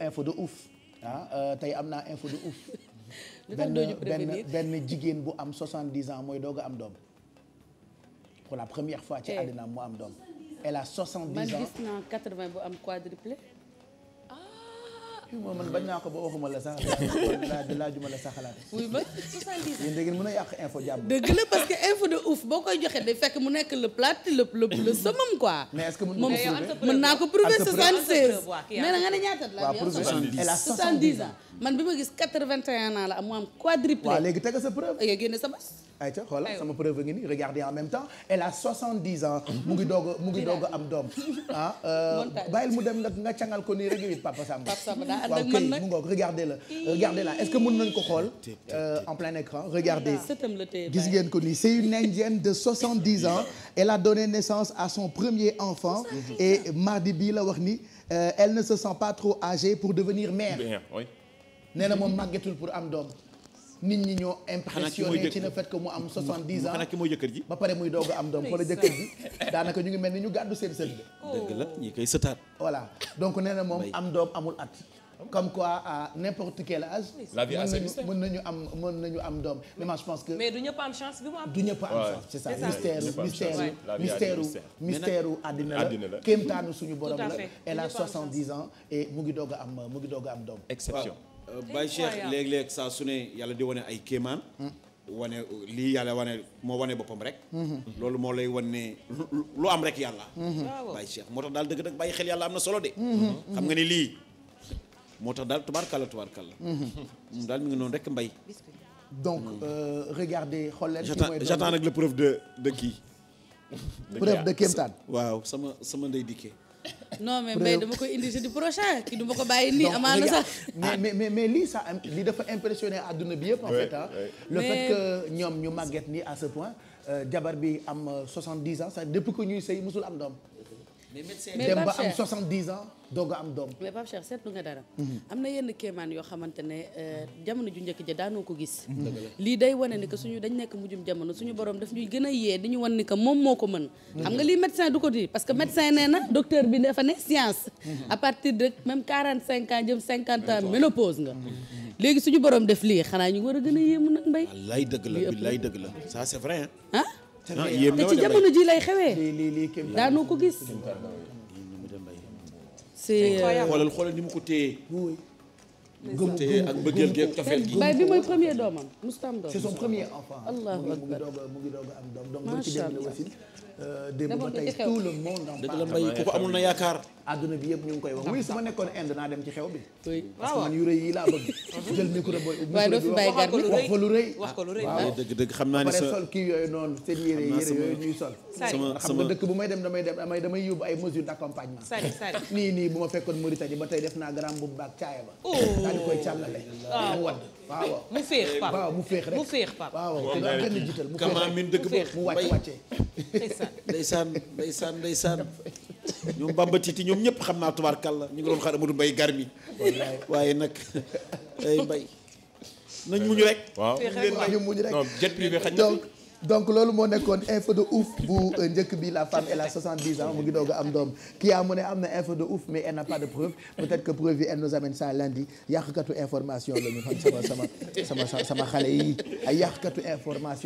info de ouf ah euh, tey am naa info de ouf. benn benn benn jigéen bu am 70 ans mooy doog am doom pour la première fois ci eh. àddina mu am doom. elle a 70 ans man bu am quadruplé. moom man bañ naa ko ba waxuma la sax laajuma la sax xalaat. wuy ba de ouf boo koy man bi ma gis 81 la am mu am léegi teg sa preuve. ay génne sa bas. ayca xoolal sama preuve ngi nii regardez en même ngi doog a ngi doog am doom. ah euh, bàyyil mu dem nga cangal ko nii rek yow it Papa Samba. Papa Samba daa nañ ko xool. Euh, en plein écran regardez. gis ngeen ko nii de 70 ans. elle a donné naissance à son premier enfant. Mm-hmm. et mardi bii la wax ni euh, elle ne se sent pas trop âgée pour devenir mère. nee na moom màggetul pour am doom. nit ñi ñoo impressionné ci na fait que mu am 70 ans xanaa ki mooy jëkkër ji ba pare muy doog am doom wala jëkkër ji daanaka ñu ngi mel ni ñu gàddu seen sët bi dëgg la ñi koy sëtaat voilà donc nee na moom am doom amul at comme quoi à n'importe quel âge mën nañu am mën nañu am doom mais moi que du ñëpp am chance bi mu am du ñëpp am chance c'est ça mystère mystère mystère mystère àddina la kéemtaanu suñu borom la elle a 70 ans mu ngi doog a am mu ngi doog am doom exception Euh, Baye Cheikh léeg-léeg saa su ne yàlla di wane ay kéemaan. wane lii yàlla wane moo wane boppam rek. loolu moo lay wan ne lu am rek yàlla. Baye Cheikh moo tax daal dëgg dëgg bàyyi xel yàlla am na solo de. xam nga ne lii moo tax daal tubaarkàlla tubaarkàlla. moom daal mi ngi noonu rek mbay. donc euh, regardez xool leen. j'attends nag la preuve de de kii. preuve de kéemtaan. waaw sama sama ndey dikkee. non mais mbay dama koy indi jeudi prochain ki du ma ko bàyyi nii amaana sax. Ah, mais mais mais lii ça lii dafa impressionné àdduna bi yëpp. en fait ah le fait que ñoom ñu màgget ni à ce point euh, jabar bi am 70 euh, ans sax depuis que ñuy sëy mosul am doom. mais médecin dem ba am 70 ans doog a am doom. mais Pape Cheikh seetlu nga dara. Mhm. am na yenn kéemaan yoo xamante ne euh, jamono ju njëkk ja daanoo ko gis. Mhm. lii day wane ni que suñu dañ nekk mujjum jamono suñu borom daf ñuy gën a yee di ñu wan ni que moom moo ko mën. xam nga lii médecin du ko di parce que médecin nee na docteur bi dafa ne science. Mhm. à partir de même 45 ans jëm 50 ans ménopause nga. léegi suñu borom def lii xanaa ñu war a gën a yéemu nag mbay. wallaay dëgg la billaay dëgg la ça c'est vrai ah. te ci jamono ji lay xewee daanoo ko gis c'est euh, xoolal xoolal ni mu ko téye gëm téye ak bëggeel gi ak cofeel gi bay bi mooy premier doomam musta am doom c'est son premier enfant allah akbar mu ngi doog a am doom donc macha allah Euh, démb ba tey tout le monde en parle. dëgg la mbay ku ko amul na yaakaar. adduna bi yëpp ñu ngi koy wax. Ah. oui su nekkoon Inde naa dem ci xew bi. oui ah, man yu rëy yi laa bëgg. jël micro booy. waaye doo fi bàyyi wax ko lu rëy wax ko lu rëy. waaw dëgg dëgg xam naa ne sa sol kii yooyu noonu seen yére yére yooyu ñuy sol. sama xam nga dëkk bu may dem damay dem damay damay yóbbu ay mesures d'accompagnement. sari sari nii nii bu ma fekkoon Mauritanie ba tey def naa grand boubou baag caaya ba. Oh. daal di koy càllale. waaw ah. mu wadd waaw mu féex Pape waaw mu féex rek mu féex Pape. waaw te daal kenn jiital mu féex rek min dëkk ba mu wàcc wàccee. ndeysaan ndeysaan ñoom Bamba ñëpp xam naa tubaarkàlla ñu ngi doon xaar Amadou Mbaye garmi waaye nag ay Mbaye nañ muñu rek. waaw ñu muñu rek. jet privé xañ na donc loolu moo nekkoon info de ouf bu euh, njëkk bi la femme elle a 70 ans mu ngi doog am doom kii yaa mu ne am na info de ouf mais elle n'a pas de preuve peut-être que preuve yi elle nous amène ça lundi information la xam sama sama sama sama xale yi ay yàqkatu information